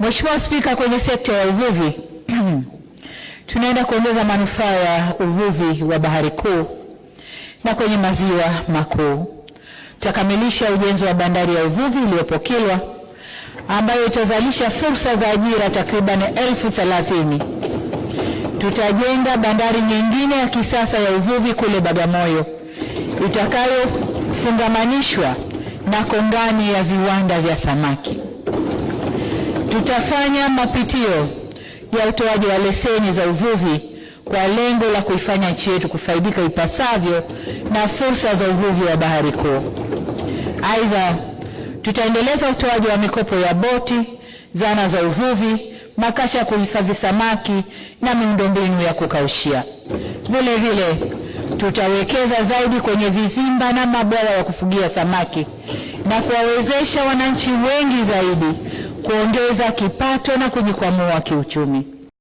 Mheshimiwa Spika, kwenye sekta ya uvuvi tunaenda kuongeza manufaa ya uvuvi wa bahari kuu na kwenye maziwa makuu. Tutakamilisha ujenzi wa bandari ya uvuvi iliyopokelewa ambayo itazalisha fursa za ajira takriban elfu thelathini. Tutajenga bandari nyingine ya kisasa ya uvuvi kule Bagamoyo itakayofungamanishwa na kongani ya viwanda vya samaki tutafanya mapitio ya utoaji wa leseni za uvuvi kwa lengo la kuifanya nchi yetu kufaidika ipasavyo na fursa za uvuvi wa bahari kuu. Aidha, tutaendeleza utoaji wa mikopo ya boti, zana za uvuvi, makasha ya kuhifadhi samaki na miundombinu ya kukaushia. Vile vile tutawekeza zaidi kwenye vizimba na mabwawa ya kufugia samaki na kuwawezesha wananchi wengi zaidi kuongeza kipato na kujikwamua kiuchumi.